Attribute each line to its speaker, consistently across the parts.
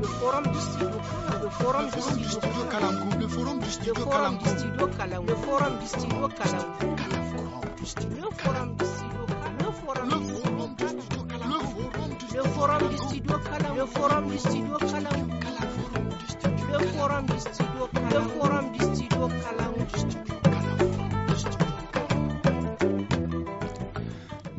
Speaker 1: le forum du studio le forum du forum du studio le forum du studio le forum du le forum du le forum du
Speaker 2: le forum
Speaker 3: du le forum du studio le forum
Speaker 2: du le forum du studio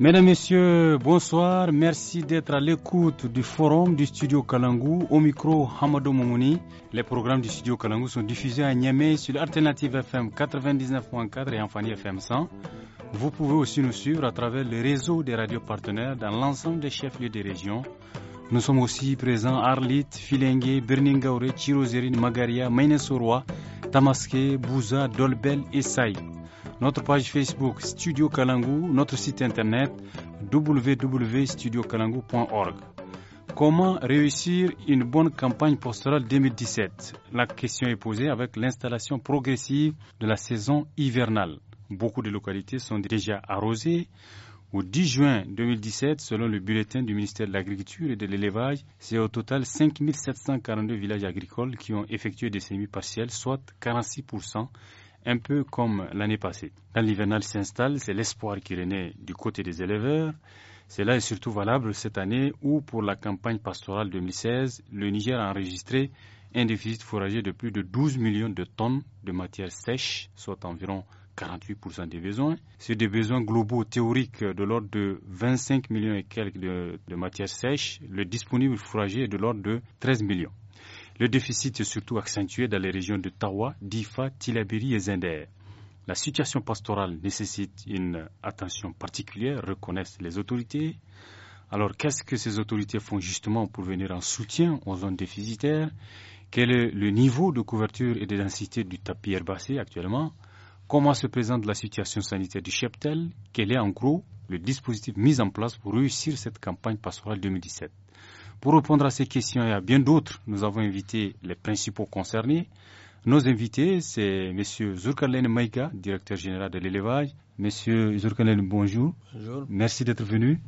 Speaker 1: Mesdames, Messieurs, bonsoir. Merci d'être à l'écoute du forum du studio Kalangou. Au micro, Hamadou Momouni. Les programmes du studio Kalangou sont diffusés à Niamey sur Alternative FM 99.4 et Enfani FM 100. Vous pouvez aussi nous suivre à travers le réseau des radios partenaires dans l'ensemble des chefs-lieux des régions. Nous sommes aussi présents à Arlit, Filengue, Birningaure, Chirozerine, Magaria, Mainesoroa, Tamaské, Bouza, Dolbel et Saï notre page Facebook Studio Kalangu, notre site internet www.studiokalangu.org. Comment réussir une bonne campagne pastorale 2017 La question est posée avec l'installation progressive de la saison hivernale. Beaucoup de localités sont déjà arrosées. Au 10 juin 2017, selon le bulletin du ministère de l'Agriculture et de l'Élevage, c'est au total 5742 villages agricoles qui ont effectué des semis partiels, soit 46% un peu comme l'année passée. Quand l'hivernal s'installe, c'est l'espoir qui renaît du côté des éleveurs. Cela est surtout valable cette année où, pour la campagne pastorale 2016, le Niger a enregistré un déficit fourrager de plus de 12 millions de tonnes de matières sèches, soit environ 48% des besoins. Sur des besoins globaux théoriques de l'ordre de 25 millions et quelques de, matières sèches, le disponible fourrager est de l'ordre de 13 millions. Le déficit est surtout accentué dans les régions de Tawa, Difa, Tilabiri et Zender. La situation pastorale nécessite une attention particulière, reconnaissent les autorités. Alors qu'est-ce que ces autorités font justement pour venir en soutien aux zones déficitaires Quel est le niveau de couverture et de densité du tapis herbacé actuellement Comment se présente la situation sanitaire du cheptel Quel est en gros le dispositif mis en place pour réussir cette campagne pastorale 2017 pour répondre à ces questions et à bien d'autres, nous avons invité les principaux concernés. Nos invités, c'est M. Zurkalen Maïka, directeur général de l'élevage. Monsieur Zurkalen, bonjour. Bonjour. Merci d'être venu.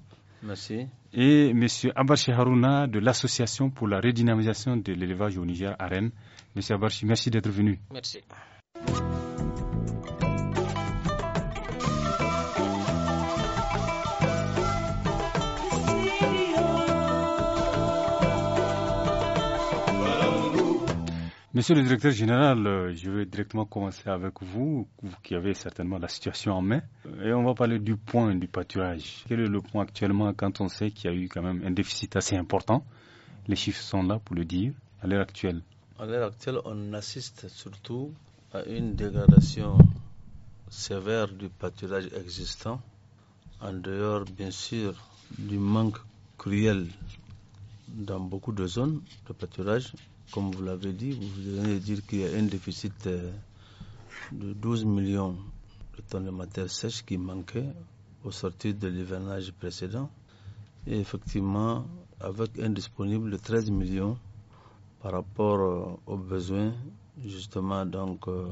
Speaker 1: Merci. Et M. Abarchi Haruna de l'Association pour la redynamisation de l'élevage au Niger à Rennes. M. Abarchi, merci d'être venu. Merci. Monsieur le directeur général, euh, je vais directement commencer avec vous, vous qui avez certainement la situation en main. Euh, et on va parler du point du pâturage. Quel est le point actuellement quand on sait qu'il y a eu quand même un déficit assez important Les chiffres sont là pour le dire à l'heure actuelle.
Speaker 3: À l'heure actuelle, on assiste surtout à une dégradation sévère du pâturage existant, en dehors bien sûr du manque cruel dans beaucoup de zones de pâturage comme vous l'avez dit, vous venez de dire qu'il y a un déficit euh, de 12 millions de tonnes de matière sèche qui manquait au sortir de l'hivernage précédent. Et effectivement, avec un disponible de 13 millions par rapport euh, aux besoins, justement, donc, euh,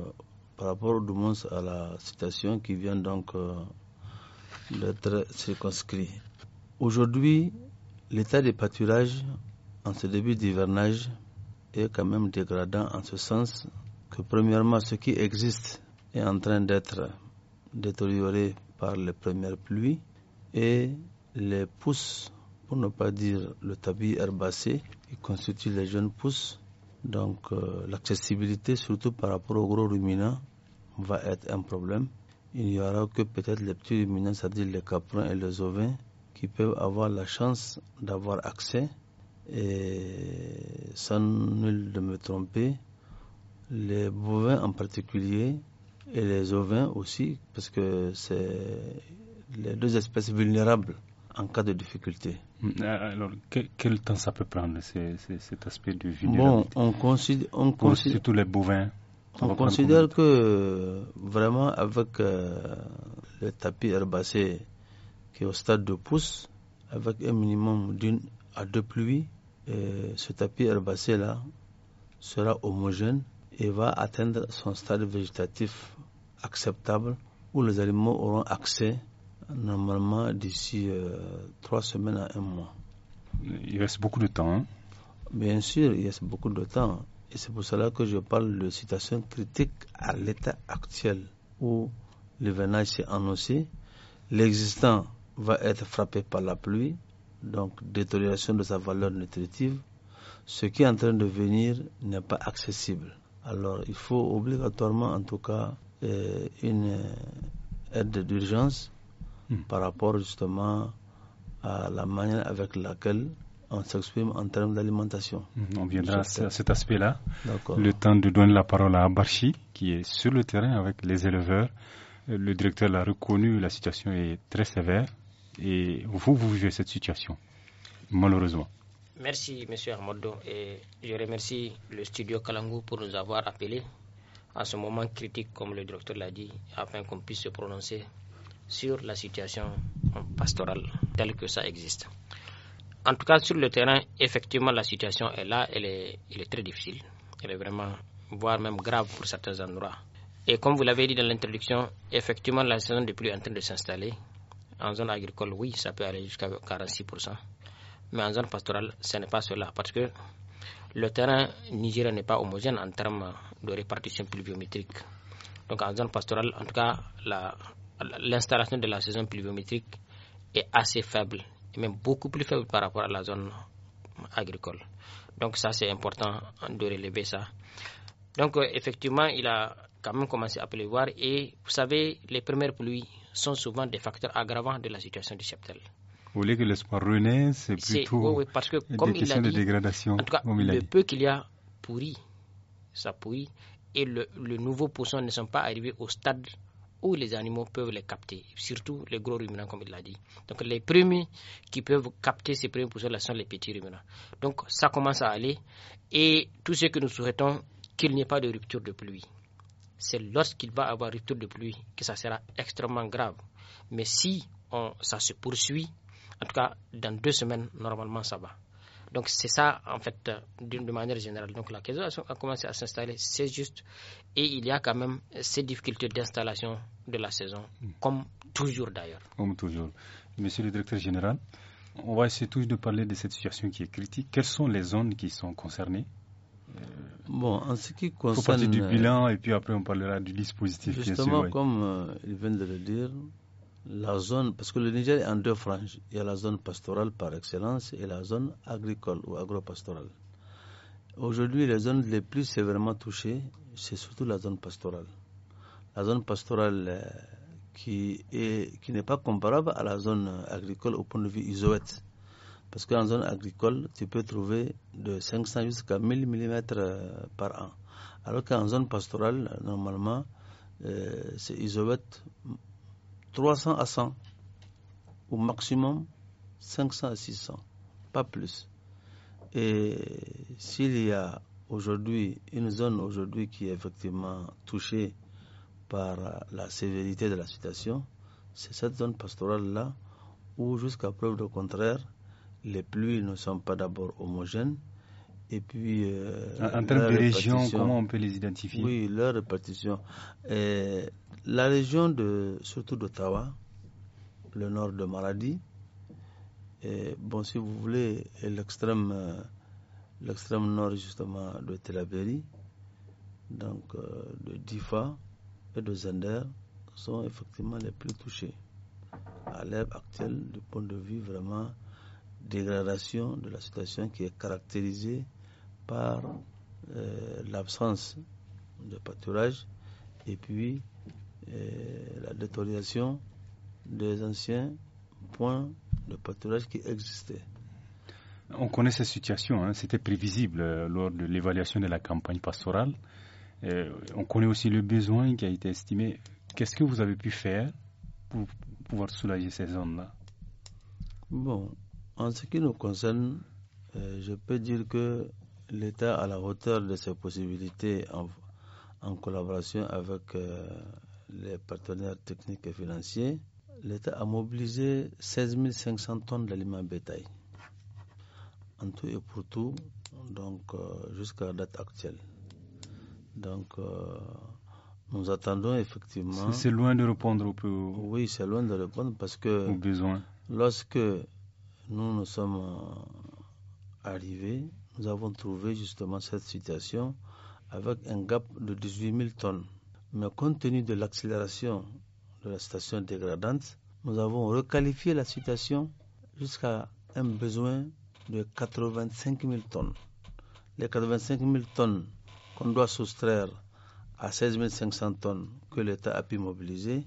Speaker 3: par rapport au moins à la situation qui vient donc d'être circonscrite. Aujourd'hui, l'état des pâturages en ce début d'hivernage est quand même dégradant en ce sens que premièrement ce qui existe est en train d'être détérioré par les premières pluies et les pousses, pour ne pas dire le tapis herbacé, qui constitue les jeunes pousses. Donc euh, l'accessibilité, surtout par rapport aux gros ruminants, va être un problème. Il n'y aura que peut-être les petits ruminants, c'est-à-dire les caprins et les ovins, qui peuvent avoir la chance d'avoir accès et sans nul de me tromper, les bovins en particulier et les ovins aussi, parce que c'est les deux espèces vulnérables en cas de difficulté. Mm, euh, alors, quel temps ça peut prendre,
Speaker 1: cet aspect du vulnérabilité on
Speaker 3: considère... On surtout les bovins. On considère que vraiment avec euh, le tapis herbacé qui est au stade de pousse avec un minimum d'une à deux pluies, euh, ce tapis herbacé là sera homogène et va atteindre son stade végétatif acceptable où les animaux auront accès normalement d'ici euh, trois semaines à un mois. Il reste beaucoup de temps. Hein. Bien sûr, il reste beaucoup de temps. Et c'est pour cela que je parle de situation critique à l'état actuel où le s'est annoncé. L'existant va être frappé par la pluie donc détérioration de sa valeur nutritive, ce qui est en train de venir n'est pas accessible. Alors il faut obligatoirement en tout cas euh, une aide d'urgence hmm. par rapport justement à la manière avec laquelle on s'exprime en termes d'alimentation. Hmm, on viendra à cet aspect-là. Le
Speaker 1: temps de donner la parole à Abarchi, qui est sur le terrain avec les éleveurs. Euh, le directeur l'a reconnu, la situation est très sévère. Et vous, vous vivez cette situation, malheureusement.
Speaker 2: Merci, Monsieur Armando. Et je remercie le studio Kalangou pour nous avoir appelés à ce moment critique, comme le directeur l'a dit, afin qu'on puisse se prononcer sur la situation pastorale telle que ça existe. En tout cas, sur le terrain, effectivement, la situation est là, elle est, très difficile. Elle est vraiment, voire même grave pour certains endroits. Et comme vous l'avez dit dans l'introduction, effectivement, la saison de pluie est en train de s'installer en zone agricole, oui, ça peut aller jusqu'à 46%. Mais en zone pastorale, ce n'est pas cela. Parce que le terrain nigérien n'est pas homogène en termes de répartition pluviométrique. Donc en zone pastorale, en tout cas, l'installation de la saison pluviométrique est assez faible, et même beaucoup plus faible par rapport à la zone agricole. Donc ça, c'est important de relever ça. Donc euh, effectivement, il a quand même commencé à pleuvoir. Et vous savez, les premières pluies sont souvent des facteurs aggravants de la situation du cheptel.
Speaker 1: Vous voulez que l'espoir renaisse, c'est plutôt
Speaker 2: parce que, comme il a dit, de
Speaker 1: dégradation. En tout
Speaker 2: cas, le peu qu'il y a pourri, ça pourrit, et le, nouveau poisson ne sont pas arrivés au stade où les animaux peuvent les capter, surtout les gros ruminants, comme il l'a dit. Donc, les premiers qui peuvent capter ces premiers poussins-là sont les petits ruminants. Donc, ça commence à aller. Et tout ce que nous souhaitons, qu'il n'y ait pas de rupture de pluie c'est lorsqu'il va avoir retour de pluie que ça sera extrêmement grave. Mais si ça se poursuit, en tout cas, dans deux semaines, normalement, ça va. Donc, c'est ça, en fait, d'une manière générale. Donc, la question a commencé à s'installer, c'est juste. Et il y a quand même ces difficultés d'installation de la saison, hmm. comme toujours d'ailleurs.
Speaker 1: Comme toujours. Monsieur le directeur général, on va essayer toujours de parler de cette situation qui est critique. Quelles sont les zones qui sont concernées
Speaker 3: Bon, en ce qui concerne. partir du euh, bilan et puis après
Speaker 1: on parlera du dispositif. Justement,
Speaker 3: comme euh, il vient de le dire, la zone. Parce que le Niger est en deux franges. Il y a la zone pastorale par excellence et la zone agricole ou agro-pastorale. Aujourd'hui, les zones les plus sévèrement touchées, c'est surtout la zone pastorale. La zone pastorale euh, qui n'est pas comparable à la zone agricole au point de vue isoète. Parce qu'en zone agricole, tu peux trouver de 500 jusqu'à 1000 mm euh, par an. Alors qu'en zone pastorale, euh, normalement, euh, c'est 300 à 100, au maximum 500 à 600, pas plus. Et s'il y a aujourd'hui une zone aujourd'hui qui est effectivement touchée par la sévérité de la situation, c'est cette zone pastorale-là ou jusqu'à preuve de contraire, les pluies ne sont pas d'abord homogènes. Et puis. Euh, en, termes de région, comment on peut les identifier Oui, leur répartition. la région, de, surtout d'Ottawa, le nord de Maradi, et, bon, si vous voulez, l'extrême euh, l'extrême nord, justement, de Telabéry, donc euh, de Difa et de Zender, sont effectivement les plus touchés à l'ère actuelle du point de vue vraiment dégradation de la situation qui est caractérisée par euh, l'absence de pâturage et puis euh, la détérioration des anciens points de pâturage qui existaient.
Speaker 1: On connaît cette situation, hein. c'était prévisible euh, lors de l'évaluation de la campagne pastorale. on connaît aussi le besoin qui a été estimé. Qu'est-ce que vous avez pu faire pour pouvoir soulager ces zones-là
Speaker 3: Bon, en ce qui nous concerne, euh, je peux dire que l'État à la hauteur de ses possibilités en, collaboration avec euh, les partenaires techniques et financiers, l'État a mobilisé 16 500 tonnes d'aliments bétail. En tout et pour tout, donc euh, jusqu'à la date actuelle. Donc nous attendons effectivement. C'est loin de répondre au plus... Oui, c'est loin de répondre parce que. Lorsque nous nous sommes euh, arrivés, nous avons trouvé justement cette situation avec un gap de 18 000 tonnes. Mais compte tenu de l'accélération de la station dégradante, nous avons requalifié la situation jusqu'à un besoin de 85 000 tonnes. Les 85 000 tonnes qu'on doit soustraire à 16 500 tonnes que l'État a pu mobiliser,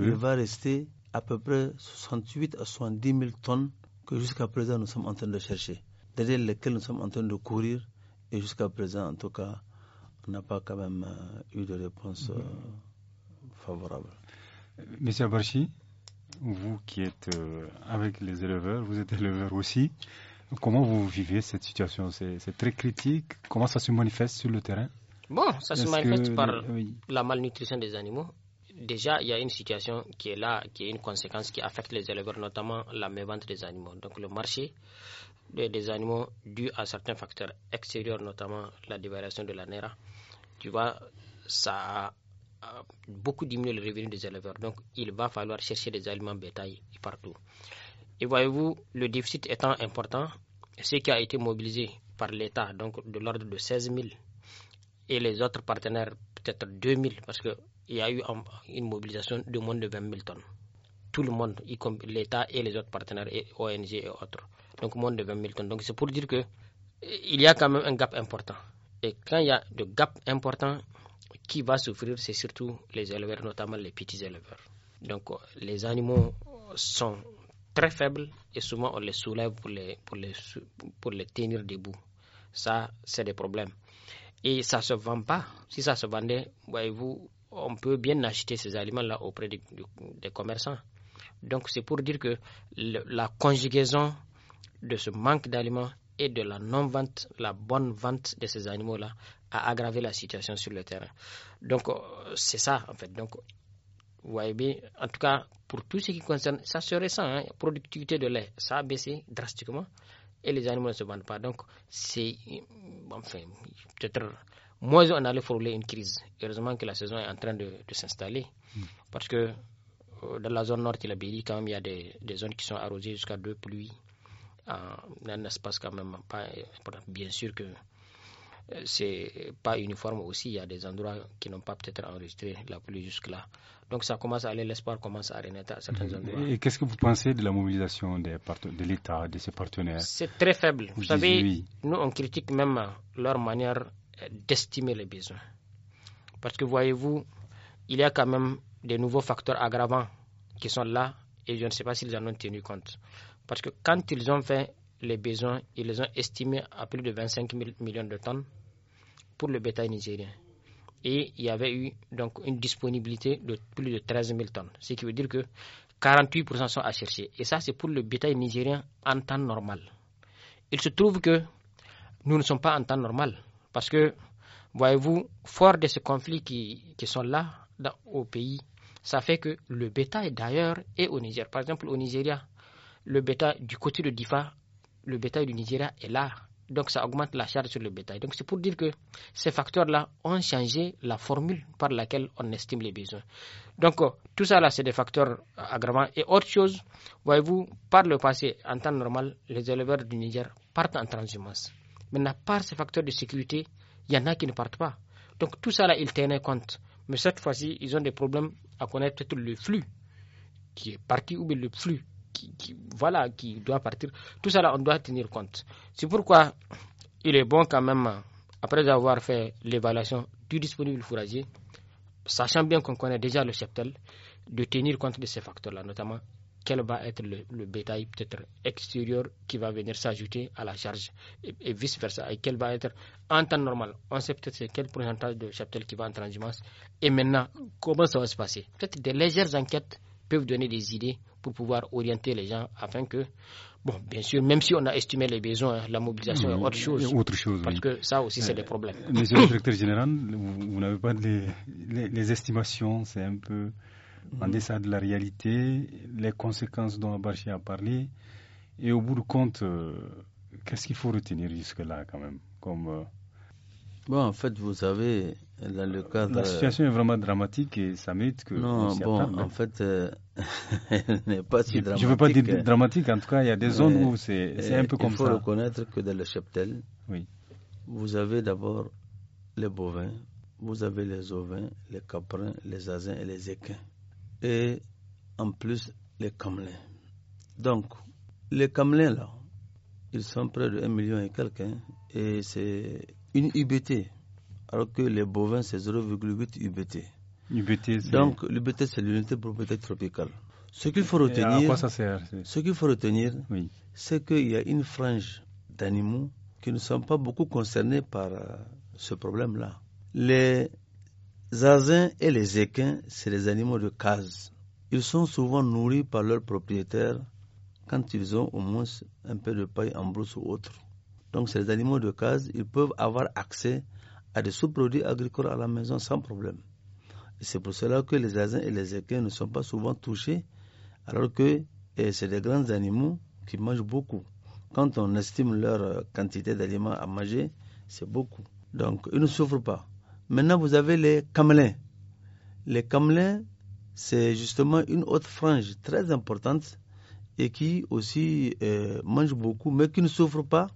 Speaker 3: il va rester à peu près 68 à 70 000 tonnes que jusqu'à présent nous sommes en train de chercher, derrière lesquels nous sommes en train de courir, et jusqu'à présent, en tout cas, on n'a pas quand même euh, eu de réponse euh, favorable.
Speaker 1: Monsieur Abarchi, vous qui êtes euh, avec les éleveurs, vous êtes éleveur aussi, comment vous vivez cette situation C'est très critique, comment ça se manifeste sur le terrain
Speaker 2: Bon, ça se manifeste par la malnutrition des animaux déjà, il y a une situation qui est là, qui est une conséquence qui affecte les éleveurs, notamment la mévente des animaux. Donc, le marché des, animaux dû à certains facteurs extérieurs, notamment la dévariation de la NERA, tu vois, ça a beaucoup diminué le revenu des éleveurs. Donc, il va falloir chercher des aliments bétail partout. Et voyez-vous, le déficit étant important, ce qui a été mobilisé par l'État, donc de l'ordre de 16 000 et les autres partenaires peut-être 2000 parce qu'il y a eu une mobilisation de moins de 20 000 tonnes. Tout le monde, y compris l'État et les autres partenaires, et ONG et autres. Donc moins de 20 000 tonnes. Donc c'est pour dire que eh, il y a quand même un gap important. Et quand il y a de gap important, qui va souffrir, c'est surtout les éleveurs, notamment les petits éleveurs. Donc euh, les animaux sont très faibles et souvent on les soulève pour les, pour les, pour les tenir debout. Ça, c'est des problèmes. Et ça ne se vend pas. Si ça se vendait, voyez-vous, on peut bien acheter ces aliments-là auprès des, commerçants. Donc c'est pour dire que la conjugaison de ce manque d'aliments et de la non-vente, la bonne vente de ces animaux-là a aggravé la situation sur le terrain. Donc euh, c'est ça en fait. Donc voyez bien, en tout cas pour tout ce qui concerne, ça se ressent. Hein, productivité de lait, ça a baissé drastiquement et les animaux ne se vendent pas. Donc, c'est, enfin, peut-être moins on allait frôler une crise. Heureusement que la saison est en train de, s'installer. Hmm. Parce que euh, dans la zone nord de la Bélie, quand même, il y a des, zones qui sont arrosées jusqu'à deux pluies. Euh, ne un espace quand même pas Bien sûr que euh, c'est pas uniforme aussi. Il y a des endroits qui n'ont pas peut-être enregistré la pluie jusque-là. Donc ça commence à aller, l'espoir commence à renaître à certains endroits.
Speaker 1: Et qu'est-ce que vous pensez de la mobilisation des de l'État, de ses partenaires
Speaker 2: C'est très faible. Vous, savez, nous on critique même leur manière euh, d'estimer les besoins. Parce que voyez-vous, il y a quand même des nouveaux facteurs aggravants qui sont là et je ne sais pas s'ils en ont tenu compte. Parce que quand ils ont fait les besoins, ils les ont estimés à plus de 25 millions de tonnes pour le bétail nigérien. Et il y avait eu donc une disponibilité de plus de 13 000 tonnes, ce qui veut dire que 48% sont à chercher. Et ça, c'est pour le bétail nigérien en temps normal. Il se trouve que nous ne sommes pas en temps normal, parce que, voyez-vous, fort de ces conflits qui, qui sont là au pays, ça fait que le bétail d'ailleurs est au Niger. Par exemple, au Nigeria, le bétail du côté de Difa, le bétail du Nigeria est là donc ça augmente la charge sur le bétail. Donc c'est pour dire que ces facteurs-là ont changé la formule par laquelle on estime les besoins. Donc euh, tout ça là, c'est des facteurs euh, aggravants. Et autre chose, voyez-vous, par le passé, en temps normal, les éleveurs du Niger partent en transhumance. Maintenant, par ces facteurs de sécurité, il y en a qui ne partent pas. Donc tout ça là, ils tenaient compte. Mais cette fois-ci, ils ont des problèmes à connaître tout le flux qui est parti ou bien le flux qui, voilà, qui doit partir. Tout cela, on doit tenir compte. C'est pourquoi il est bon quand même, après avoir fait l'évaluation du disponible fourrager, sachant bien qu'on connaît déjà le cheptel, de tenir compte de ces facteurs-là, notamment quel va être le, bétail peut-être extérieur qui va venir s'ajouter à la charge et, vice-versa. Et quel va être en temps normal On sait peut-être quel pourcentage de cheptel qui va en transhumance. Et maintenant, comment ça va se passer Peut-être des légères enquêtes peuvent donner des idées pour pouvoir orienter les gens afin que, bon, bien sûr, même si on a estimé les besoins, la mobilisation est autre chose. parce que ça aussi, c'est des euh, problèmes. Monsieur le directeur général,
Speaker 1: vous, n'avez pas les, estimations, c'est un peu en mm. dessous de la réalité, les conséquences dont marché a parlé. Et au bout du compte, euh, qu'est-ce qu'il faut retenir jusque-là quand même
Speaker 3: comme, euh, Bon, en fait, vous avez dans le cadre... La situation est vraiment dramatique et ça mérite que... Non, bon, hein. en fait, n'est pas si dramatique. Je ne veux pas dire
Speaker 1: dramatique, en tout cas, il y a des zones où
Speaker 3: c'est un peu comme ça. Il faut reconnaître que dans le cheptel, oui. vous avez d'abord les bovins, vous avez les ovins, les caprins, les asins et les équins. Et en plus, les camelins. Donc, les camelins, là, ils sont près de 1 million et quelques, hein, et c'est une UBT, alors que les bovins, c'est 0,8 UBT. Donc l'UBT, c'est l'unité pour propriété tropicale. Ce qu'il faut retenir, ce qu'il faut retenir, c'est qu'il y a une frange d'animaux qui ne sont pas beaucoup concernés par euh, ce problème-là. Les azins et les équins, c'est les animaux de case. Ils sont souvent nourris par leurs propriétaires quand ils ont au moins un peu de paille en brousse ou autre. Donc, ces animaux de case, ils peuvent avoir accès à des sous-produits agricoles à la maison sans problème. C'est pour cela que les asins et les équins ne sont pas souvent touchés, alors que eh, c'est des grands animaux qui mangent beaucoup. Quand on estime leur euh, quantité d'aliments à manger, c'est beaucoup. Donc, ils ne souffrent pas. Maintenant, vous avez les camelins. Les camelins, c'est justement une autre frange très importante et qui aussi eh, mange beaucoup, mais qui ne souffrent pas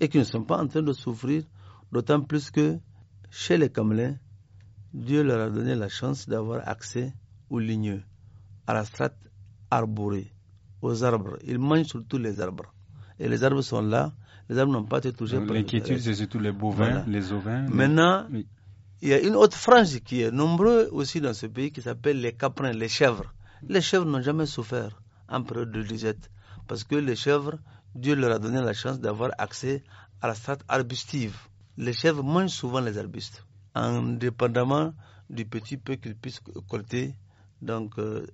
Speaker 3: et qui ne sont pas en train de souffrir, d'autant plus que chez les camelins, Dieu leur a donné la chance d'avoir accès aux ligneux, à la strate arborée, aux arbres. Ils mangent surtout les arbres. Et les arbres sont là, les arbres n'ont pas été touchés par L'inquiétude, c'est surtout les bovins,
Speaker 1: les ovins.
Speaker 3: Maintenant, il y a une autre frange qui est nombreuse aussi dans ce pays qui s'appelle les caprins, les chèvres. Les chèvres n'ont jamais souffert en période de disette parce que les chèvres, Dieu leur a donné la chance d'avoir accès à la strate arbustive. Les chèvres mangent souvent les arbustes indépendamment du petit peu qu'ils puissent collecter, donc euh,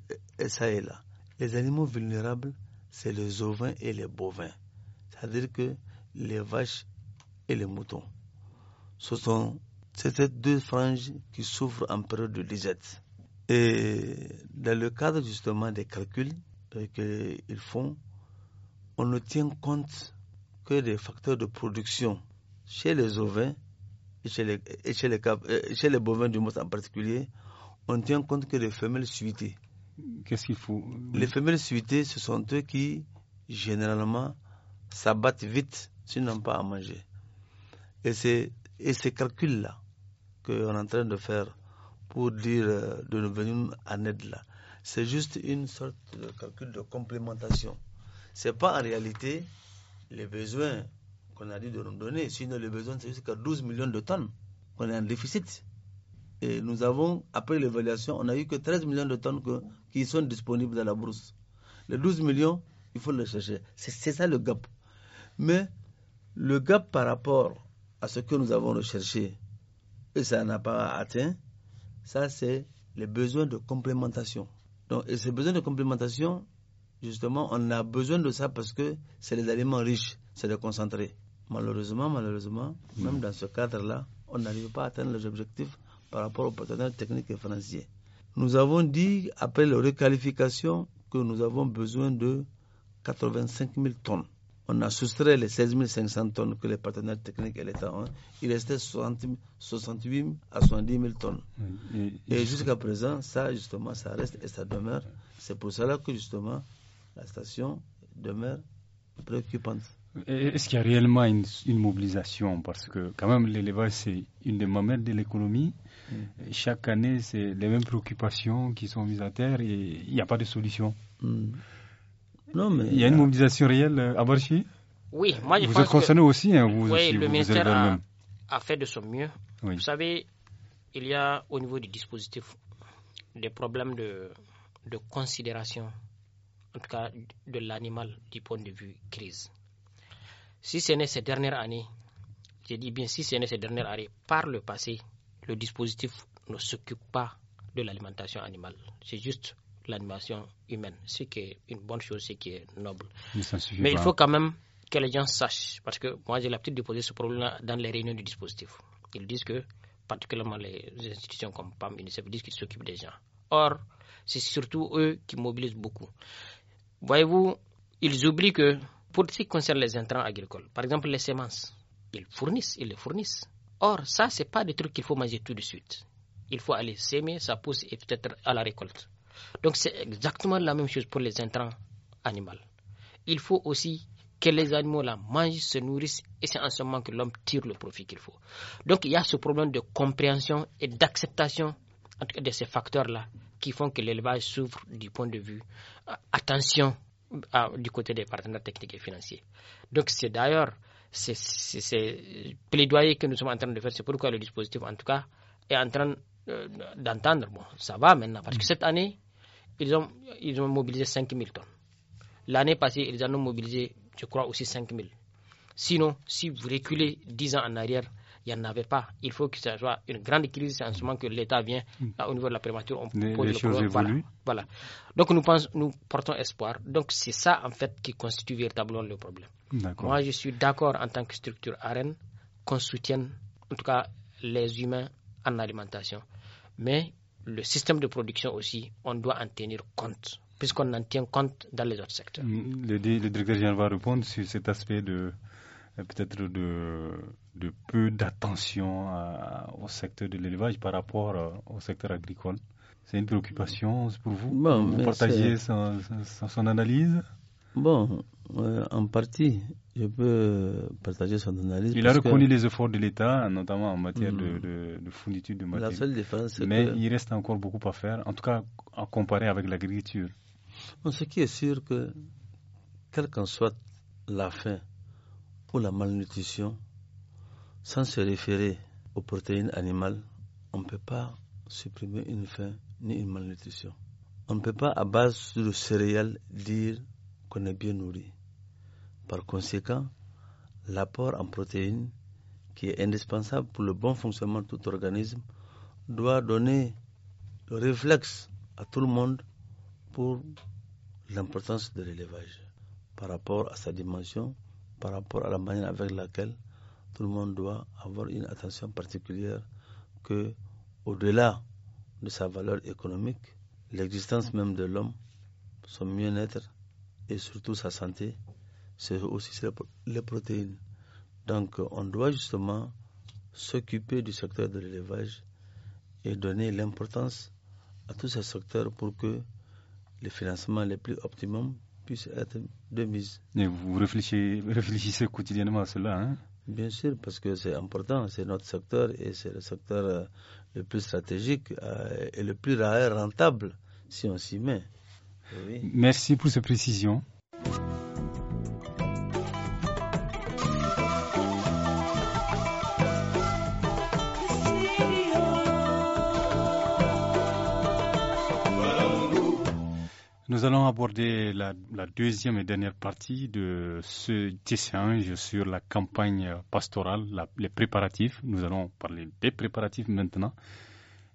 Speaker 3: ça et là. Les animaux vulnérables, c'est les ovins et les bovins, c'est-à-dire que les vaches et les moutons. Ce sont ces deux franges qui souffrent en période de disette. Et dans le cadre justement des calculs euh, qu'ils font, on ne tient compte que des facteurs de production chez les ovins euh, et chez les, bovins du monde en particulier, on tient compte que les femelles suitées. Qu'est-ce qu'il faut Les femelles suitées, ce sont eux qui, généralement, s'abattent vite s'ils n'ont pas à manger. Et c'est ces calculs-là qu'on est en train de faire pour dire euh, de nous venir en aide là. C'est juste une sorte de calcul de complémentation. Ce n'est pas en réalité les besoins on a dit de nous donner, sinon le besoin c'est jusqu'à 12 millions de tonnes on est en déficit. Et nous avons, après l'évaluation, on a eu que 13 millions de tonnes qui sont disponibles dans la bourse. Les 12 millions, il faut les chercher. C'est ça le gap. Mais le gap par rapport à ce que nous avons recherché et ça n'a pas atteint, ça c'est les besoins de complémentation. Donc, et ces besoins de complémentation, justement, on a besoin de ça parce que c'est les aliments riches, c'est les concentrés. Malheureusement, malheureusement, hmm. même dans ce cadre-là, on n'arrive pas à atteindre les objectifs par rapport aux partenaires techniques et financiers. Nous avons dit, après la requalification, que nous avons besoin de 85 000 tonnes. On a soustrait les 16 500 tonnes que les partenaires techniques et l'État ont. Il restait 68 68 à 70 000 tonnes. Hmm. et jusqu'à présent, ça, justement, ça reste et ça demeure. C'est pour cela que, justement, la station demeure préoccupante.
Speaker 1: Est-ce qu'il y a réellement une, mobilisation Parce que quand même, l'élevage, c'est une des mamelles de l'économie. Mm. Chaque année, c'est les mêmes préoccupations qui sont mises à terre et il n'y a pas de solution. Mm. il y a une mobilisation réelle euh, à Barchi
Speaker 2: Oui, moi je vous êtes concerné
Speaker 1: aussi, hein, vous oui, le ministère
Speaker 2: a, fait de son mieux. Vous savez, il y a au niveau du dispositif des problèmes de, de considération, en tout cas de l'animal du point de vue crise si ce n'est ces dernières années, je bien si ce n'est ces dernières années, par le passé, le dispositif ne s'occupe pas de l'alimentation animale. C'est juste l'animation humaine, ce qui est une bonne chose, ce qui est noble. Mais, il faut quand même que les gens sachent, parce que moi j'ai l'habitude de poser ce problème-là dans les réunions du dispositif. Ils disent que, particulièrement les institutions comme PAM, UNICEF, disent qu'ils s'occupent des gens. Or, c'est surtout eux qui mobilisent beaucoup. Voyez-vous, ils oublient que pour ce qui concerne les intrants agricoles, par exemple les semences, ils fournissent, ils les fournissent. Or, ça, ce n'est pas des trucs qu'il faut manger tout de suite. Il faut aller s'aimer, ça pousse et peut-être à la récolte. Donc, c'est exactement la même chose pour les intrants animaux. Il faut aussi que les animaux la mangent, se nourrissent, et c'est en ce moment que l'homme tire le profit qu'il faut. Donc, il y a ce problème de compréhension et d'acceptation de ces facteurs-là qui font que l'élevage souffre du point de vue euh, attention ah, du côté des partenaires techniques et financiers. Donc c'est d'ailleurs c'est plaidoyer que nous sommes en train de faire, c'est pourquoi le dispositif en tout cas est en train euh, d'entendre, bon ça va maintenant, parce que mm. cette année, ils ont, ils ont mobilisé 5000 tonnes. L'année passée, ils en ont mobilisé, je crois, aussi 5000. Sinon, si vous reculez 10 ans en arrière, il n'y en avait pas. Il faut que ce soit une grande crise, c'est en ce moment que l'État vient mm. à au niveau de la prémature, on pose le problème. Voilà, Donc nous, nous portons espoir. Donc c'est ça en fait qui constitue véritablement le problème. Moi je suis d'accord en tant que structure AREN qu'on soutienne en tout cas les humains en alimentation. Mais le système de production aussi, on doit en tenir compte puisqu'on en tient compte dans les autres secteurs.
Speaker 1: Mm, le, le directeur général va répondre sur cet aspect de euh, peut-être de de peu d'attention au secteur de l'élevage par rapport euh, au secteur agricole. C'est une préoccupation pour vous Vous partagez son, analyse
Speaker 3: Bon, euh, en partie, je peux partager son analyse. Il a reconnu les
Speaker 1: efforts de l'État, notamment en matière de, hmm. fourniture de matériel. La seule défense, Mais il reste encore beaucoup à
Speaker 3: faire, en tout cas à comparer
Speaker 1: avec l'agriculture.
Speaker 3: ce qui est sûr que, quelle qu'en soit la fin pour la malnutrition, sans se référer aux protéines animales, on ne peut pas supprimer une faim ni une malnutrition. On ne peut pas, à base de céréales, dire qu'on est bien nourri. Par conséquent, l'apport en protéines, qui est indispensable pour le bon fonctionnement de tout organisme, doit donner le réflexe à tout le monde pour l'importance de l'élevage par rapport à sa dimension, par rapport à la manière avec laquelle tout le monde doit avoir une attention particulière que, au-delà de sa valeur économique, l'existence même de l'homme, son bien être et surtout sa santé, c'est aussi les protéines. Donc, on doit justement s'occuper du secteur de l'élevage et donner l'importance à tous ces secteurs pour que les financements les plus optimums puissent être de mise. vous réfléchissez, réfléchissez quotidiennement à cela. Hein Bien sûr, parce que c'est important, c'est notre secteur et c'est le secteur euh, le plus stratégique euh, et le plus rentable si on s'y met. Merci pour ces précisions.
Speaker 1: nous allons aborder la, deuxième et dernière partie de ce échange sur la campagne pastorale, les préparatifs. Nous allons parler des préparatifs maintenant.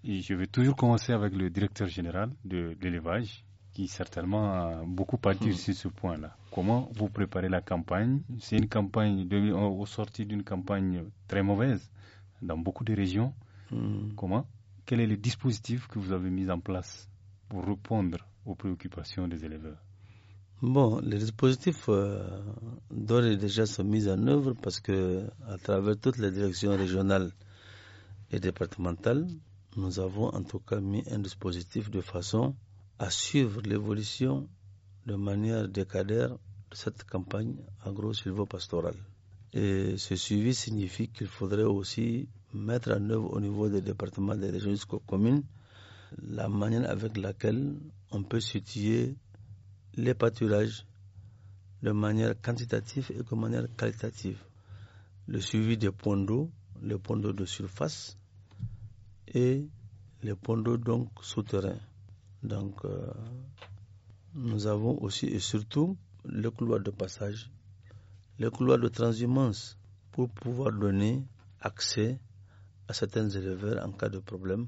Speaker 1: Et je vais toujours commencer avec le directeur général de, l'élevage, qui certainement a beaucoup à dire hmm. sur ce point-là. Comment vous préparez la campagne C'est une campagne, on au sorti d'une campagne très mauvaise dans beaucoup de régions. Hmm. Comment Quel est le dispositif que vous avez mis en place pour répondre aux préoccupations des éleveurs
Speaker 3: Bon, les dispositifs euh, et déjà sont mis en œuvre parce que, à travers toutes les directions régionales et départementales, nous avons en tout cas mis un dispositif de façon à suivre l'évolution de manière décadaire de cette campagne agro-silvopastorale. Et ce suivi signifie qu'il faudrait aussi mettre en œuvre au niveau des départements, des régions communes la manière avec laquelle on peut situer les pâturages de manière quantitative et de manière qualitative. Le suivi des points d'eau, les points d'eau de surface et les points d'eau donc souterrains. Donc euh, nous avons aussi et surtout le couloir de passage, le couloir de transhumance pour pouvoir donner accès à certains éleveurs en cas de problème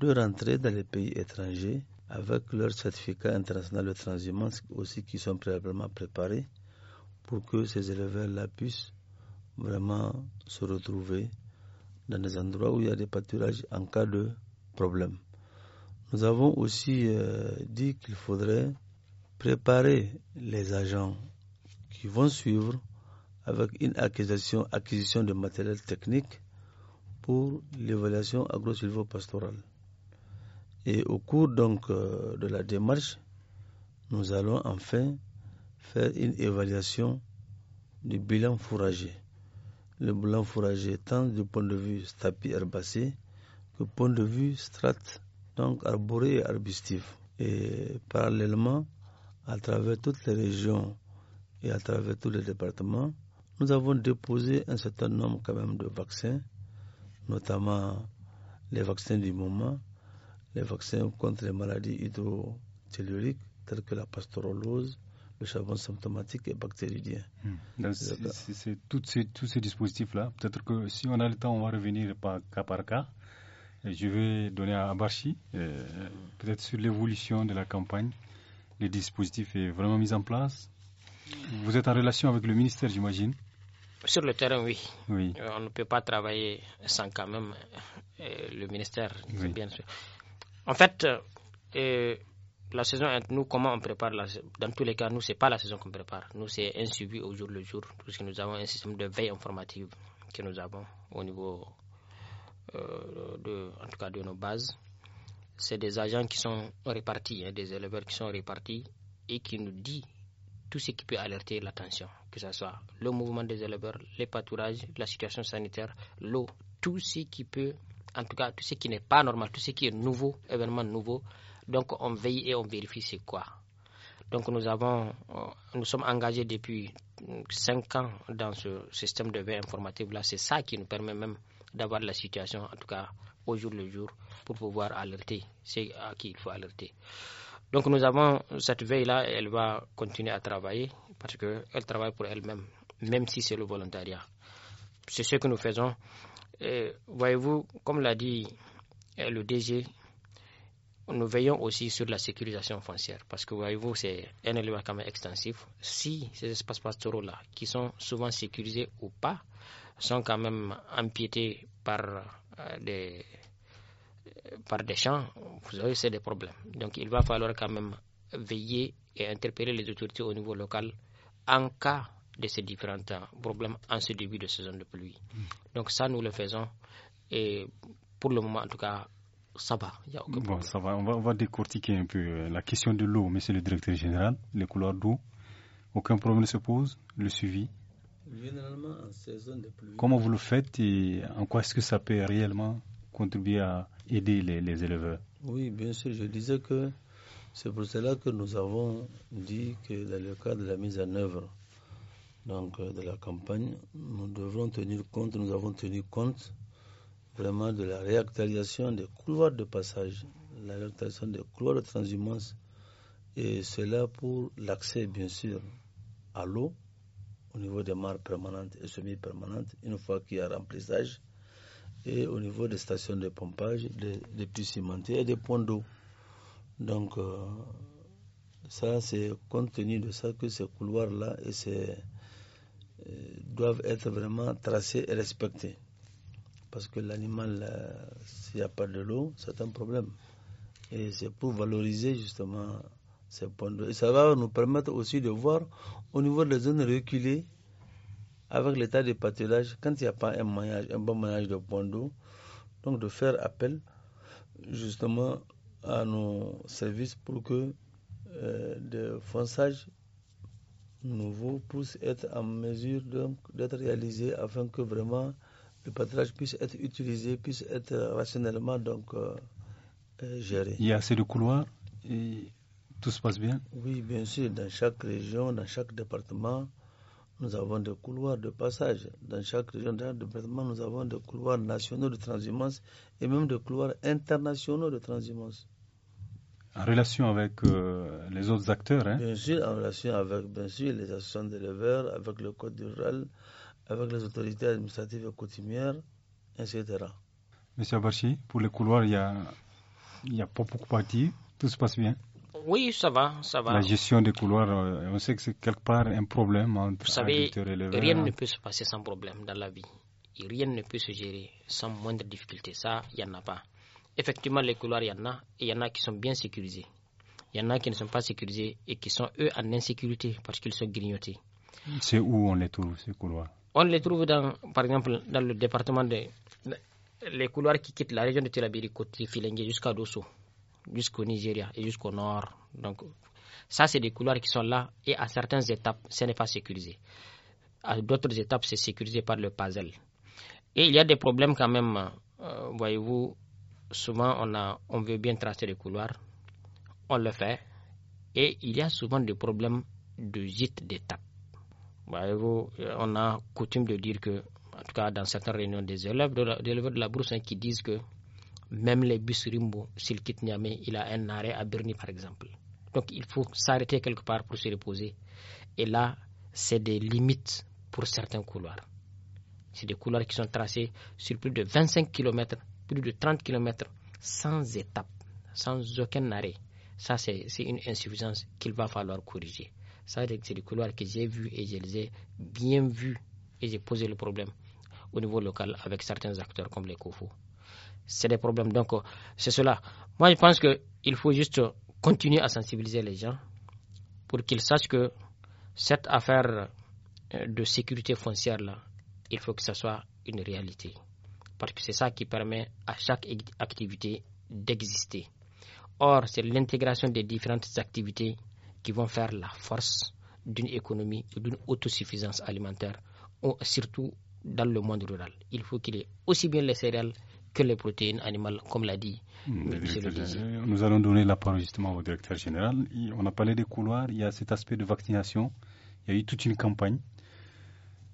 Speaker 3: de rentrer dans les pays étrangers avec leur certificat international de transhumance aussi qui sont préalablement préparés pour que ces éleveurs-là puissent vraiment se retrouver dans des endroits où il y a des pâturages en cas de problème. Nous avons aussi euh, dit qu'il faudrait préparer les agents qui vont suivre avec une acquisition, acquisition de matériel technique pour l'évaluation agro-silvopastorale. Et au cours donc euh, de la démarche, nous allons enfin faire une évaluation du bilan fourragé. Le bilan fourrager tant du point de vue tapis herbacé que du point de vue strate, donc arboré et arbustif. Et parallèlement, à travers toutes les régions et à travers tous les départements, nous avons déposé un certain nombre quand même de vaccins, notamment les vaccins du moment, les vaccins contre les maladies hydrotelluriques telles que la pastorolose, le charbon symptomatique et bactéridien. Hmm. C'est tous ces dispositifs-là. Peut-être que si
Speaker 1: on a le temps, on va revenir par cas par cas. je vais donner à Abarchi, euh, peut-être sur l'évolution de la campagne. Les dispositifs est vraiment mis en place. Vous êtes en relation avec le ministère, j'imagine
Speaker 2: Sur le terrain, oui. Euh, on ne peut pas travailler sans quand même euh, le ministère, bien sûr. En fait, euh, euh, la saison, nous, comment on prépare la, Dans tous les cas, nous, ce n'est pas la saison qu'on prépare. Nous, c'est un suivi au jour le jour, puisque nous avons un système de veille informative que nous avons au niveau euh, de, en tout cas de nos bases. C'est des agents qui sont répartis, hein, des éleveurs qui sont répartis et qui nous disent tout ce qui peut alerter l'attention, que ce soit le mouvement des éleveurs, les pâturages, la situation sanitaire, l'eau, tout ce qui peut en tout cas tout ce qui n'est pas normal, tout ce qui est nouveau, événement nouveau. Donc on veille et on vérifie c'est quoi. Donc nous avons, euh, nous sommes engagés depuis 5 euh, ans dans ce système de veille informative là. C'est ça qui nous permet même d'avoir la situation, en tout cas au jour le jour, pour pouvoir alerter c'est à qui il faut alerter. Donc nous avons cette veille là, elle va continuer à travailler parce qu'elle travaille pour elle-même, même si c'est le volontariat. C'est ce que nous faisons voyez-vous, comme l'a dit eh, le DG, nous veillons aussi sur la sécurisation foncière parce que voyez-vous, c'est un élément quand même extensif. Si ces espaces pastoraux-là, qui sont souvent sécurisés ou pas, sont quand même empiétés par euh, des, par des champs, vous aurez c'est des problèmes. Donc il va falloir quand même veiller et interpeller les autorités au niveau local en cas de ces différents problèmes en ce début de saison de pluie. Donc ça, nous le faisons. Et pour le moment, en tout cas, ça va. a aucun bon,
Speaker 1: ça va. On, va. décortiquer un peu euh, la question de l'eau, monsieur le directeur général, les couloirs d'eau. Aucun problème ne se pose, le suivi. Généralement, en saison de pluie. Comment vous le faites et en quoi est-ce que ça peut réellement contribuer à aider les, les éleveurs
Speaker 3: Oui, bien sûr. Je disais que c'est pour cela que nous avons dit que dans le cadre de la mise en œuvre donc, euh, de la campagne, nous devons tenir compte, nous avons tenu compte vraiment de la réactualisation des couloirs de passage, la réactualisation des couloirs de transhumance, et cela pour l'accès, bien sûr, à l'eau au niveau des mares permanentes et semi-permanentes, une fois qu'il y a remplissage, et au niveau des stations de pompage, des, puits cimentés et des points d'eau. Donc, euh, ça, c'est compte tenu de ça que ces couloirs-là et ces euh, doivent être vraiment tracés et respectés. Parce que l'animal, s'il n'y a pas de l'eau, c'est un problème. Et c'est pour valoriser justement ces points d'eau. Et ça va nous permettre aussi de voir au niveau des zones reculées, avec l'état des patelages quand il n'y a pas un, un bon maillage de points d'eau, donc de faire appel justement à nos services pour que euh, de fonçage nouveau puisse être en mesure d'être réalisés afin que vraiment le partage puisse être utilisé, puisse être rationnellement donc euh, euh, géré. Il y a
Speaker 1: assez de couloirs et tout se passe bien
Speaker 3: Oui, bien sûr. Dans chaque région, dans chaque département, nous avons des couloirs de passage. Dans chaque région, dans chaque département, nous avons des couloirs nationaux de transhumance et même des couloirs internationaux de transhumance.
Speaker 1: En relation avec euh, les autres acteurs hein. Bien
Speaker 3: sûr, en relation avec les associations d'éleveurs, avec le code rural, avec les autorités administratives et coutumières, etc.
Speaker 1: Monsieur Abarchi, pour les couloirs, il n'y a, y a pas beaucoup à dire. Tout se passe bien.
Speaker 2: Oui, ça va, ça va. La gestion
Speaker 1: des couloirs, euh, on sait que c'est quelque part un problème entre Vous savez, et rien ne peut
Speaker 2: se passer sans problème dans la vie. Et rien ne peut se gérer sans moindre difficulté. Ça, il n'y en a pas effectivement, les couloirs, il y en a. Et il y en a qui sont bien sécurisés. Il y en a qui ne sont pas sécurisés et qui sont, eux, en insécurité parce qu'ils sont grignotés.
Speaker 1: C'est où on les trouve, ces couloirs
Speaker 2: On les trouve, dans, par exemple, dans le département des les couloirs qui quittent la région de Telabiri, côté Filengue, jusqu'à Dosso, jusqu'au Nigeria et jusqu'au nord. Donc, ça, c'est des couloirs qui sont là et à certaines étapes, ce n'est pas sécurisé. À d'autres étapes, c'est sécurisé par le puzzle. Et il y a des problèmes quand même, euh, voyez-vous, souvent on, a, on veut bien tracer les couloirs, on le fait, et il y a souvent des problèmes de gîte d'étape. Euh, on a coutume de dire que, en tout cas dans certaines réunions des élèves de la, de la Brousse, hein, qui disent que même les bus Rimbo, s'ils quittent Niamey, il a un arrêt à Berni par exemple. Donc il faut s'arrêter quelque part pour se reposer. Et là, c'est des limites pour certains couloirs. C'est des couloirs qui sont tracés sur plus de 25 km plus de 30 km sans étape, sans aucun arrêt. Ça, c'est une insuffisance qu'il va falloir corriger. Ça, c'est des couloirs que j'ai vus et je les ai bien vus et j'ai posé le problème au niveau local avec certains acteurs comme les COFO. C'est des problèmes. Donc, euh, c'est cela. Moi, je pense qu'il faut juste continuer à sensibiliser les gens pour qu'ils sachent que cette affaire euh, de sécurité foncière-là, il faut que ce soit une réalité parce que c'est ça qui permet à chaque activité d'exister. Or, c'est l'intégration des différentes activités qui vont faire la force d'une économie et d'une autosuffisance alimentaire, surtout dans le monde rural. Il faut qu'il y ait aussi bien les céréales que les protéines animales, comme l'a dit M. Mm, le
Speaker 1: Nous allons donner la parole justement au directeur général. On a parlé des couloirs, il y a cet aspect de vaccination, il y a eu toute une campagne.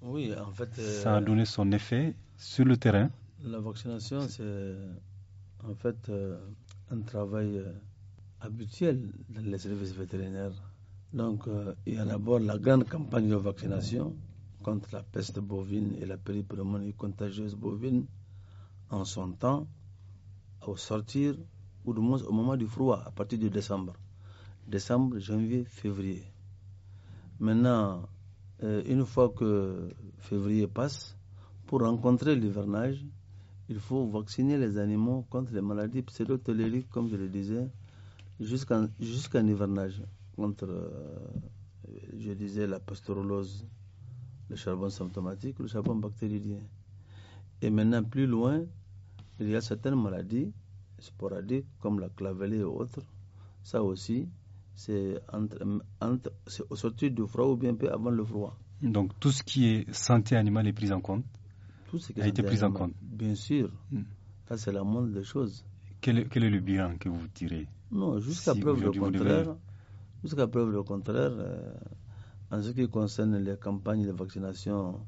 Speaker 3: Oui, en fait. Ça a euh, donné son
Speaker 1: effet sur
Speaker 3: le terrain. La vaccination, c'est euh, en fait euh, un travail euh, habituel dans les services vétérinaires. Donc, il y a d'abord la grande campagne de vaccination contre la peste bovine et la péripneumonie contagieuse bovine en son temps, au sortir, ou du moins au moment du froid, à partir de décembre. Décembre, janvier, février. Maintenant, une fois que février passe, pour rencontrer l'hivernage, il faut vacciner les animaux contre les maladies pseudo-tolériques comme je le disais, jusqu'à jusqu hivernage, contre, euh, je disais, la pastorolose, le charbon symptomatique, le charbon bactérien. Et maintenant, plus loin, il y a certaines maladies sporadiques, comme la clavelée et autres. Ça aussi, c'est entre, au sortir du froid ou bien peu avant le froid.
Speaker 1: Donc, tout ce qui est santé animale est pris en compte
Speaker 3: qui a été pris en compte. Bien sûr. Hmm. Ça, c'est la moindre des choses. Quel est, le bilan que vous tirez Non, jusqu'à preuve, devez... le contraire. Jusqu'à preuve le contraire, euh, en ce qui concerne les campagnes de vaccination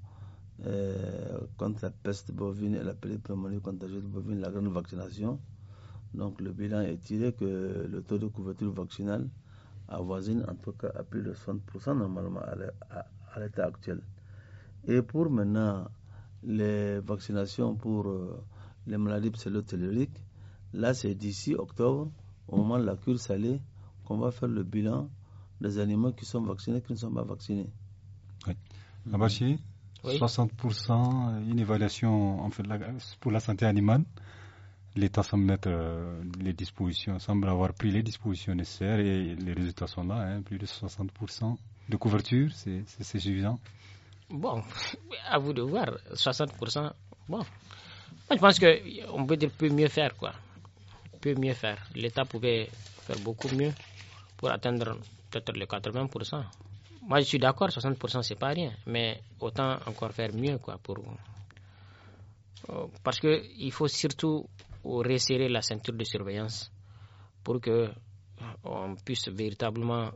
Speaker 3: euh, contre la peste bovine et la pneumonie contagieuse bovine, la grande vaccination, donc le bilan est tiré que le taux de couverture vaccinale avoisine en tout cas à plus de 60% normalement à l'état actuel. Et pour maintenant les vaccinations pour euh, les maladies pseudo Là, c'est d'ici octobre, au moment de la cure salée, qu'on va faire le bilan des animaux qui sont vaccinés, qui ne sont pas vaccinés.
Speaker 1: Oui. 60%, une évaluation en fait, pour la santé animale. L'État semble mettre euh, les dispositions, semble avoir pris les dispositions nécessaires et les résultats sont là. Hein, plus de 60% de couverture, c'est suffisant.
Speaker 2: Bon, à vous de voir, 60%. Bon, moi, je pense qu'on peut dire peut mieux faire, quoi. Peut mieux faire. L'État pouvait faire beaucoup mieux pour atteindre peut-être les 80%. Moi, je suis d'accord, 60%, c'est pas rien, mais autant encore faire mieux, quoi, pour. Euh, parce qu'il faut surtout resserrer la ceinture de surveillance pour que euh, on puisse véritablement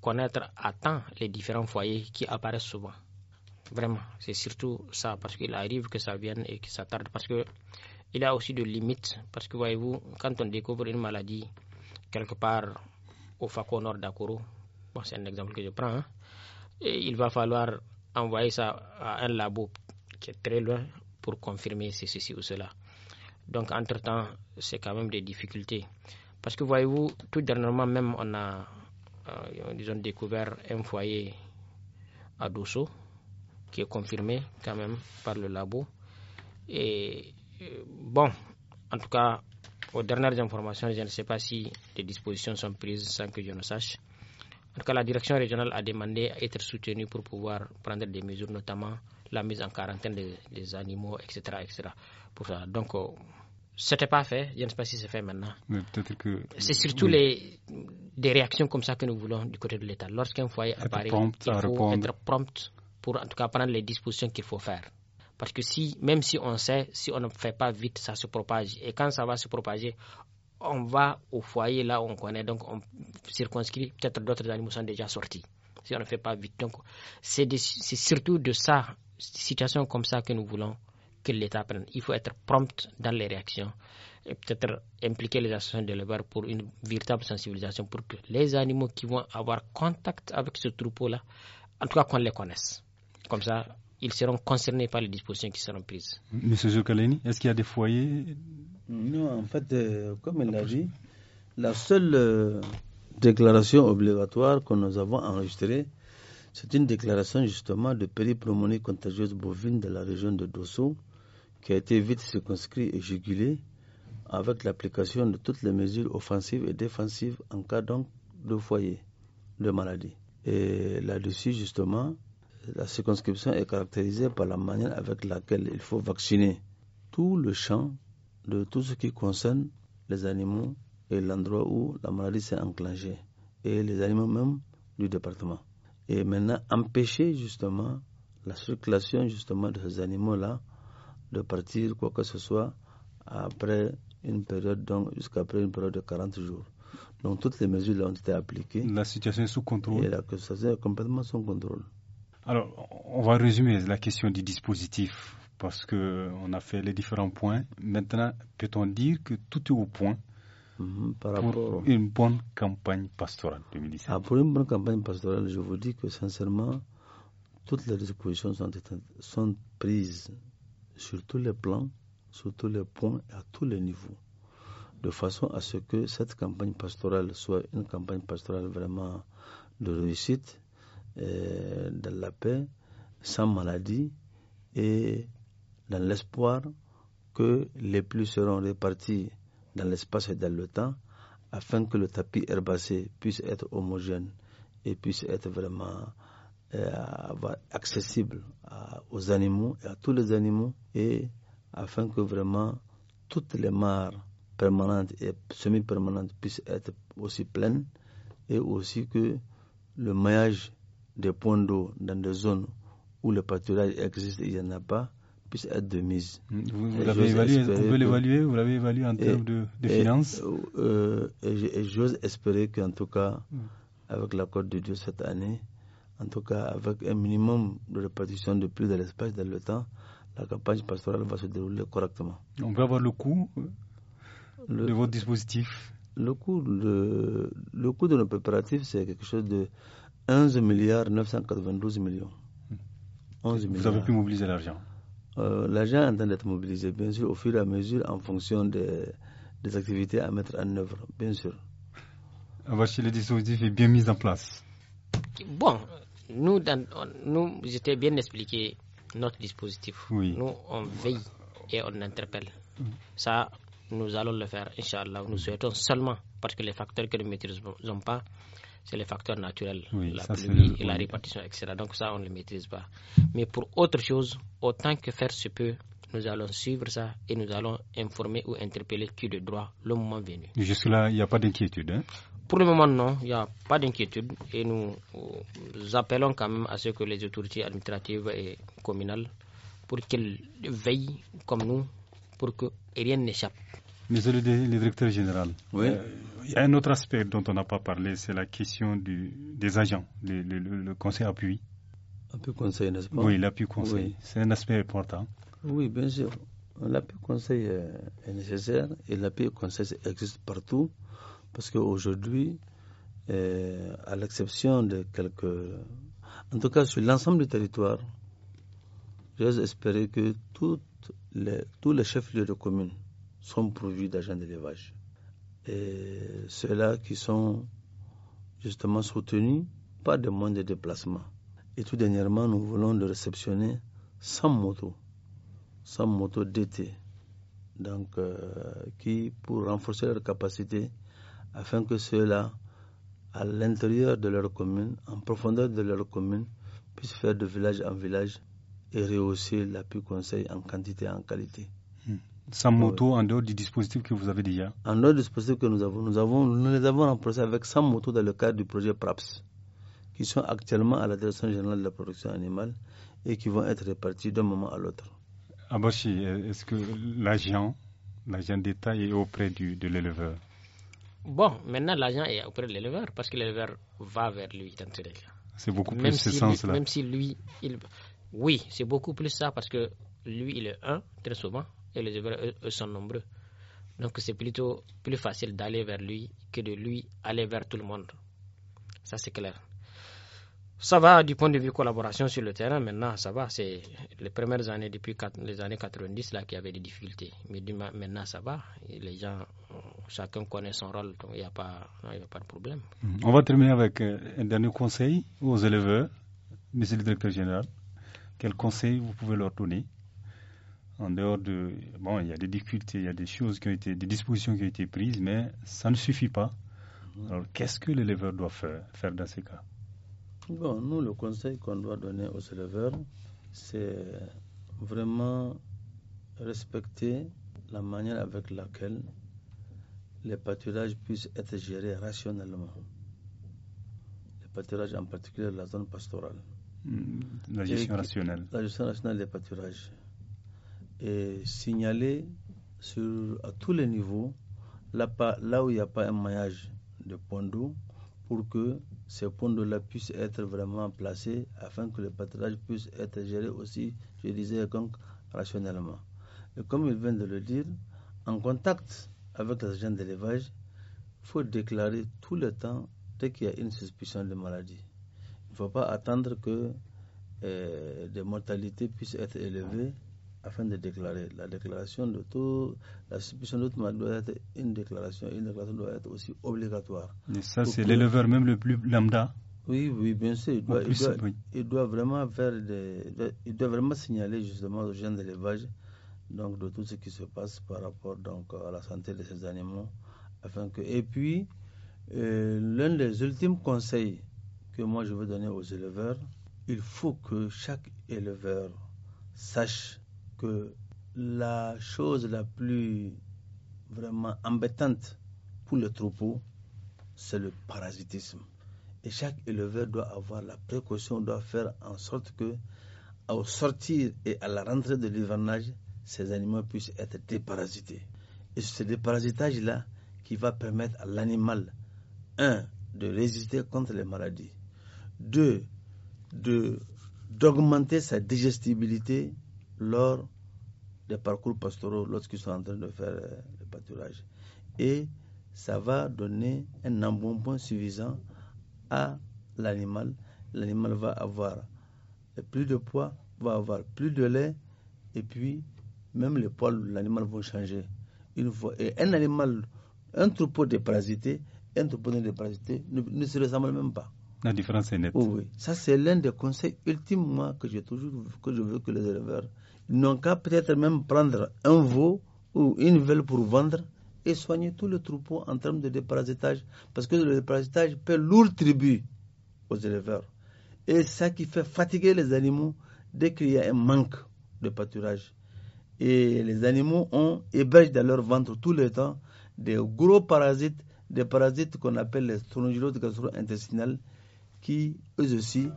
Speaker 2: connaître à temps les différents foyers qui apparaissent souvent. Vraiment, c'est surtout ça, parce qu'il arrive que ça vienne et que ça tarde, parce que il y a aussi des limites, parce que voyez-vous, quand on découvre une maladie quelque part au FACO Nord d'Akoro, c'est un exemple que je prends, hein, et il va falloir envoyer ça à un labo qui est très loin pour confirmer ceci ou cela. Donc, entre-temps, c'est quand même des difficultés. Parce que voyez-vous, tout dernièrement même, on a euh, ils ont découvert un foyer à Dosso qui est confirmé quand même par le labo. Et euh, bon, en tout cas, aux dernières informations, je ne sais pas si des dispositions sont prises sans que je ne sache. En tout cas, la direction régionale a demandé à être soutenue pour pouvoir prendre des mesures, notamment la mise en quarantaine des, animaux, etc., etc. Pour ça. Donc, euh, n'était pas fait, je ne sais pas si c'est fait maintenant. C'est surtout les, des réactions comme ça que nous voulons du côté de l'État. Lorsqu'un foyer apparaît, il faut être prompt pour en tout cas prendre les dispositions qu'il faut faire. Parce que si, même si on sait, si on ne fait pas vite, ça se propage. Et quand ça va se propager, on va au foyer là où on connaît, donc on circonscrit, peut-être d'autres animaux sont déjà sortis, si on ne fait pas vite. Donc c'est surtout de ça, situation comme ça que nous voulons que l'État prenne. Il faut être prompt dans les réactions et peut-être impliquer les associations d'éleveurs pour une véritable sensibilisation pour que les animaux qui vont avoir contact avec ce troupeau-là, en tout cas qu'on les connaisse. Comme ça, ils seront concernés par les dispositions qui seront prises.
Speaker 3: Monsieur Jokaleni, est-ce qu'il y a des foyers Non, en fait, euh, comme il l'a dit, la seule euh, déclaration obligatoire que nous avons enregistrée, c'est une déclaration justement de péripromonie contagieuse bovine de la région de Dosso qui a été vite circonscrit et jugulé avec l'application de toutes les mesures offensives et défensives en cas donc de foyer de maladie. Et là-dessus, justement, la circonscription est caractérisée par la manière avec laquelle il faut vacciner tout le champ de tout ce qui concerne les animaux et l'endroit où la maladie s'est enclenchée, et les animaux même du département. Et maintenant, empêcher justement la circulation justement de ces animaux-là de partir, quoi que ce soit, après une période, donc jusqu'après une période de 40 jours. Donc toutes les mesures ont été appliquées. La
Speaker 1: situation est sous contrôle. Et la
Speaker 3: situation est complètement sous
Speaker 1: contrôle. Alors, on va résumer la question du dispositif parce qu'on a fait les différents points. Maintenant, peut-on dire que tout est au point mhm, pour
Speaker 3: une bonne campagne pastorale ah, Pour une bonne campagne pastorale, je vous dis que sincèrement, toutes les dispositions sont, sont prises sur tous les plans, sur tous les points et à tous les niveaux, de façon à ce que cette campagne pastorale soit une campagne pastorale vraiment de réussite, dans la paix, sans maladie et dans l'espoir que les plus seront répartis dans l'espace et dans le temps afin que le tapis herbacé puisse être homogène et puisse être vraiment euh, accessible aux animaux et à tous les animaux et afin que vraiment toutes les mares permanentes et semi-permanentes puissent être aussi pleines et aussi que le maillage des points d'eau dans des zones où le pâturage existe et il n'y en a pas puisse être de mise. Vous, l'avez évalué, l'évaluer,
Speaker 1: vous l'avez évalué en termes de, finances
Speaker 3: euh, Et, j'ose espérer qu'en tout cas, mm. avec l'accord de Dieu cette année, en tout cas avec un minimum de répartition de plus de l'espace dans le temps, la campagne pastorale va se dérouler correctement.
Speaker 1: On va avoir le coût
Speaker 3: le, de votre dispositif le coût, coût de nos préparatifs, c'est quelque chose de 11 milliards 992 millions. Vous avez pu mobiliser l'argent euh, L'argent est en train d'être mobilisé, bien sûr, au fur et à mesure, en fonction des, activités à mettre en œuvre, bien sûr. si
Speaker 1: ah, le dispositif est bien mis en place.
Speaker 2: Bon, nous, dans, nous, bien expliqué notre dispositif. Nous, on veille et on interpelle. Mm. Ça, nous allons le faire, Inch'Allah. Nous souhaitons seulement, parce que les facteurs que nous ne maîtrisons pas, c'est les facteurs naturels, la pluie et la répartition, etc. Donc ça, on ne maîtrise pas. Mais pour autre chose, autant que faire se peut, nous allons suivre ça et nous allons informer ou interpeller qui de droit le moment venu.
Speaker 1: Jusque-là, il n'y a pas d'inquiétude. Hein.
Speaker 2: Pour le moment, non, il n'y a pas d'inquiétude et nous euh, appelons quand même à ce que les autorités administratives et communales, pour qu'elles veillent comme nous, pour que rien n'échappe.
Speaker 1: Monsieur le, directeur général, oui. Euh, il y a un autre aspect dont on n'a pas parlé, c'est la question des agents, le, conseil appui.
Speaker 3: Appui conseil, n'est-ce pas Oui, l'appui conseil,
Speaker 1: c'est un aspect important.
Speaker 3: Oui, bien sûr. L'appui conseil euh, est nécessaire et l'appui conseil existe partout parce qu'aujourd'hui, euh, à l'exception de quelques. En tout cas, sur l'ensemble du territoire, j'ose espérer que les, tous les chefs-lieux de commune sont produits d'agents d'élevage. Et ceux-là qui sont justement soutenus par des moyens de déplacement. Et tout dernièrement, nous voulons de réceptionner 100 motos, 100 motos d'été, donc euh, qui, pour renforcer leur capacité afin que ceux-là, à l'intérieur de leur commune, en profondeur de leur commune, puissent faire de village en village et rehausser l'appui conseil en quantité et en qualité.
Speaker 1: Hmm. Sans moto, en dehors du dispositif que vous avez déjà
Speaker 3: En dehors du dispositif que nous avons, nous, avons, nous les avons remplacés avec 100 motos dans le cadre du projet PRAPS, qui sont actuellement à la Direction générale de la production animale et qui vont être répartis d'un moment à l'autre. Abachi, est-ce que l'agent,
Speaker 1: l'agent d'État est auprès du, de l'éleveur
Speaker 2: Bon, maintenant l'agent est auprès de l'éleveur parce que l'éleveur va vers lui
Speaker 1: C'est beaucoup plus ce sens-là. Même
Speaker 2: si lui, il... oui, c'est beaucoup plus ça parce que lui, il est un très souvent et les éleveurs, eux, sont nombreux. Donc c'est plutôt plus facile d'aller vers lui que de lui aller vers tout le monde. Ça, c'est clair. Ça va du point de vue collaboration sur le terrain. Maintenant, ça va. C'est les premières années depuis les années 90 là qu'il y avait des difficultés. Mais maintenant, ça va. les gens chacun connaît son rôle, donc il n'y a, pas, a pas de problème.
Speaker 1: On va terminer avec euh, un dernier conseil aux éleveurs, monsieur le directeur général. Quel conseil vous pouvez leur donner en dehors de. Bon, il y a des difficultés, il y a des choses qui ont été. des dispositions qui ont été prises, mais ça ne suffit pas. Alors, qu'est-ce que l'éleveur doit faire, faire dans ces cas
Speaker 3: Bon, nous, le conseil qu'on doit donner aux éleveurs, c'est vraiment respecter la manière avec laquelle les pâturages puissent être gérés rationnellement. Les pâturages, en particulier la zone pastorale.
Speaker 1: Hmm, la gestion rationnelle.
Speaker 3: La gestion rationnelle des pâturages. Et signaler sur, à tous les niveaux là, où il n'y a pas un maillage de points d'eau pour que ces points d'eau-là puissent être vraiment placés afin que les pâturages puissent être gérés aussi, je disais donc, rationnellement. Et comme il vient de le dire, en contact avec les gens d'élevage, il faut déclarer tout le temps dès qu'il y a une suspicion de maladie. Il ne faut pas attendre que euh, des mortalités puissent être élevées afin de déclarer. La déclaration de tout, la suspicion d'autre maladie doit être une déclaration. Une déclaration doit être aussi obligatoire. mais ça, c'est l'éleveur même le plus lambda oui, oui, bien sûr. Il doit, vraiment faire des, il doit vraiment signaler justement aux gens d'élevage donc de tout ce qui se passe par rapport donc à la santé de ces animaux afin que et puis euh, l'un des ultimes conseils que moi je veux donner aux éleveurs il faut que chaque éleveur sache que la chose la plus vraiment embêtante pour le troupeau c'est le parasitisme et chaque éleveur doit avoir la précaution doit faire en sorte que au sortir et à la rentrée de l'hivernage ces animaux puissent être déparasités. Et c'est ce déparasitage-là qui va permettre à l'animal, un, de résister contre les maladies, deux, de, d'augmenter sa digestibilité lors des parcours pastoraux, lorsqu'ils sont en train de faire euh, le pâturage. Et ça va donner un embonpoint suffisant à l'animal. L'animal va avoir plus de poids, va avoir plus de lait, et puis même les poils de l'animal vont changer. un animal, un troupeau de parasités, un troupeau de parasités ne, se ressemble même pas.
Speaker 1: La différence est nette. oui,
Speaker 3: ça c'est l'un des conseils ultimes moi, que j'ai toujours que je veux que les éleveurs n'ont qu'à peut-être même prendre un veau ou une velle pour vendre et soigner tout le troupeau en termes de déparasitage, parce que le déparasitage paie lourd tribut aux éleveurs. Et ça qui fait fatiguer les animaux dès qu'il y a un manque de pâturage et les animaux ont, hébergent dans leur ventre tout le temps des gros parasites, des parasites qu'on appelle les strongyloses gastro-intestinales, qui eux aussi,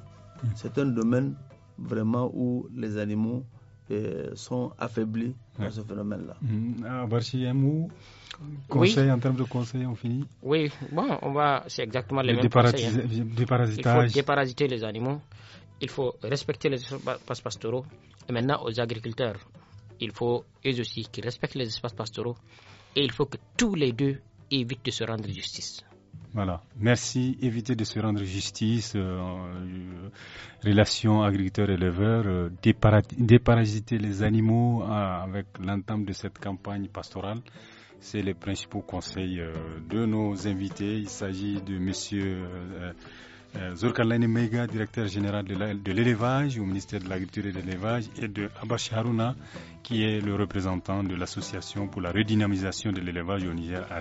Speaker 3: c'est un domaine vraiment où les animaux euh, sont affaiblis par ce phénomène-là.
Speaker 1: Mmh. Ah, un mot Conseil en termes de conseils, on finit
Speaker 2: Oui, bon, on va, c'est exactement les le mêmes conseils. Hein. Il faut déparasiter les animaux, il faut respecter les espaces pastoraux. Et maintenant, aux agriculteurs, il faut eux aussi qu'ils respectent les espaces pastoraux et il faut que tous les deux évitent de se rendre justice.
Speaker 1: Voilà, merci. Éviter de se rendre justice, euh, euh, Relation agriculteur-éleveur. agriculteurs déparasiter les animaux euh, avec l'entente de cette campagne pastorale. C'est les principaux conseils de nos invités. Il s'agit de Monsieur euh, Mega, directeur général de l'élevage au ministère de l'Agriculture et de l'Élevage, et de Abash Haruna, qui est le représentant de l'Association pour la redynamisation de l'élevage au Niger à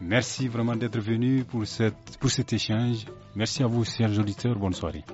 Speaker 1: Merci vraiment d'être venu pour, cette, pour cet échange. Merci à vous, chers auditeurs. Bonne soirée.